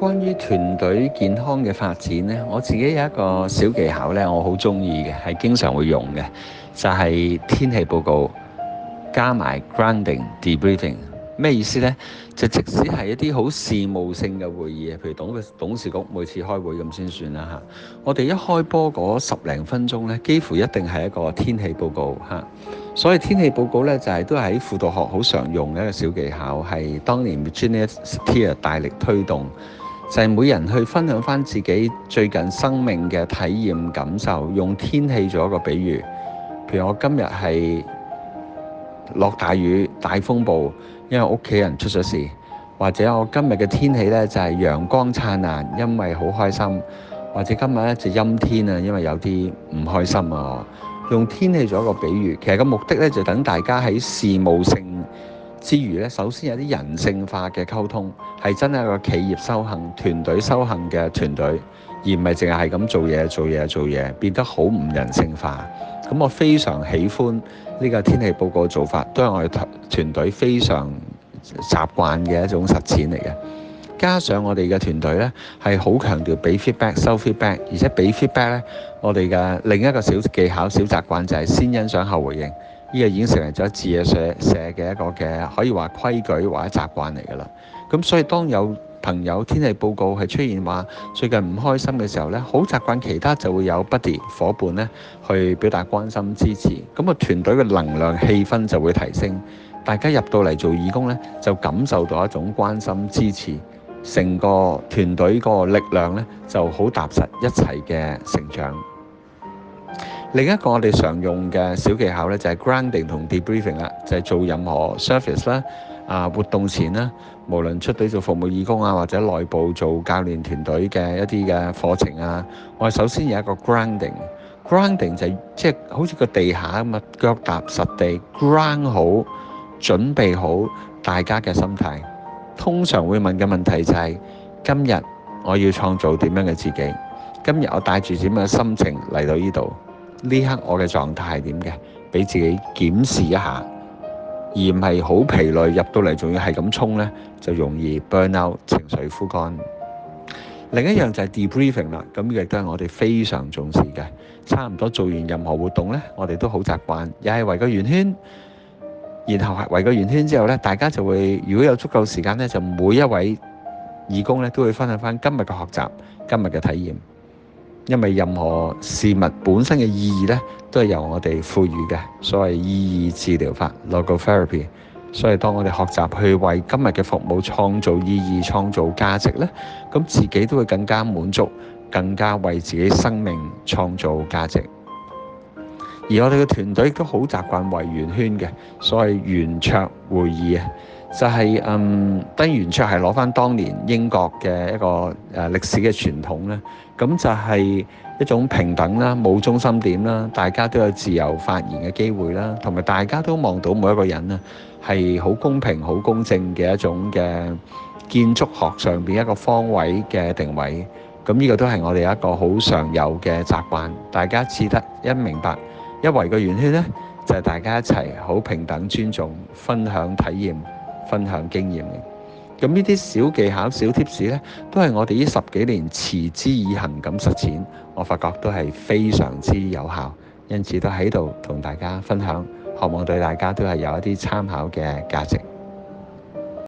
關於團隊健康嘅發展咧，我自己有一個小技巧咧，我好中意嘅，係經常會用嘅，就係、是、天氣報告加埋 grounding debriefing 咩意思呢？就即使係一啲好事務性嘅會議，譬如董事董事局每次開會咁先算啦嚇。我哋一開波嗰十零分鐘咧，幾乎一定係一個天氣報告嚇。所以天氣報告咧，就係、是、都係喺輔導學好常用嘅一個小技巧，係當年 Virginia Satir 大力推動。就係、是、每人去分享翻自己最近生命嘅體驗感受，用天氣做一個比喻。譬如我今日係落大雨、大風暴，因為屋企人出咗事；或者我今日嘅天氣呢，就係、是、陽光燦爛，因為好開心；或者今日呢就陰天啊，因為有啲唔開心啊。用天氣做一個比喻，其實個目的呢，就等大家喺事務性之餘咧，首先有啲人性化嘅溝通，係真係一個企業修行、團隊修行嘅團隊，而唔係淨係係咁做嘢、做嘢、做嘢，變得好唔人性化。咁我非常喜歡呢個天氣報告做法，都係我哋團隊非常習慣嘅一種實踐嚟嘅。加上我哋嘅團隊咧，係好強調俾 feedback、收 feedback，而且俾 feedback 咧，我哋嘅另一個小技巧、小習慣就係先欣賞後回應。呢、這個已經成為咗自在社嘅一個嘅可以話規矩或者習慣嚟㗎啦。咁所以當有朋友天氣報告係出現話最近唔開心嘅時候呢，好習慣其他就會有 buddy 伙伴呢去表達關心、支持。咁個團隊嘅能量氣氛就會提升，大家入到嚟做義工呢，就感受到一種關心、支持，成個團隊個力量呢就好踏實，一齊嘅成長。另一個我哋常用嘅小技巧咧，就係 grounding 同 debriefing 啦，就係做任何 service 啦，啊活動前啦，無論出隊做服務義工啊，或者內部做教練團隊嘅一啲嘅課程啊，我哋首先有一個 grounding，grounding 就係即係好似個地下咁啊，腳踏實地 ground 好，準備好大家嘅心態。通常會問嘅問題就係：今日我要創造點樣嘅自己？今日我帶住點樣嘅心情嚟到呢度？呢刻我嘅狀態係點嘅？俾自己檢視一下，而唔係好疲累入到嚟，仲要係咁衝呢，就容易 burn out 情緒枯乾。另一樣就係 debriefing 啦，咁亦都係我哋非常重視嘅。差唔多做完任何活動呢，我哋都好習慣，又係圍個圓圈，然後係圍個圓圈之後呢，大家就會如果有足夠時間呢，就每一位義工呢，都會分享返今日嘅學習、今日嘅體驗。因為任何事物本身嘅意義咧，都係由我哋賦予嘅，所謂意義治療法 （logotherapy）。所以當我哋學習去為今日嘅服務創造意義、創造價值咧，咁自己都會更加滿足，更加為自己生命創造價值。而我哋嘅團隊都好習慣為圓圈嘅所謂圓桌會議啊。就係嗯，登圓桌係攞翻當年英國嘅一個誒歷史嘅傳統咧。咁就係一種平等啦，冇中心點啦，大家都有自由發言嘅機會啦，同埋大家都望到每一個人咧，係好公平、好公正嘅一種嘅建築學上邊一個方位嘅定位。咁呢個都係我哋一個好常有嘅習慣。大家似得一明白一圍個圓圈咧，就係大家一齊好平等、尊重、分享體驗。分享經驗嘅，咁呢啲小技巧、小貼士呢，都係我哋呢十幾年持之以恒咁實踐，我發覺都係非常之有效，因此都喺度同大家分享，渴望對大家都係有一啲參考嘅價值。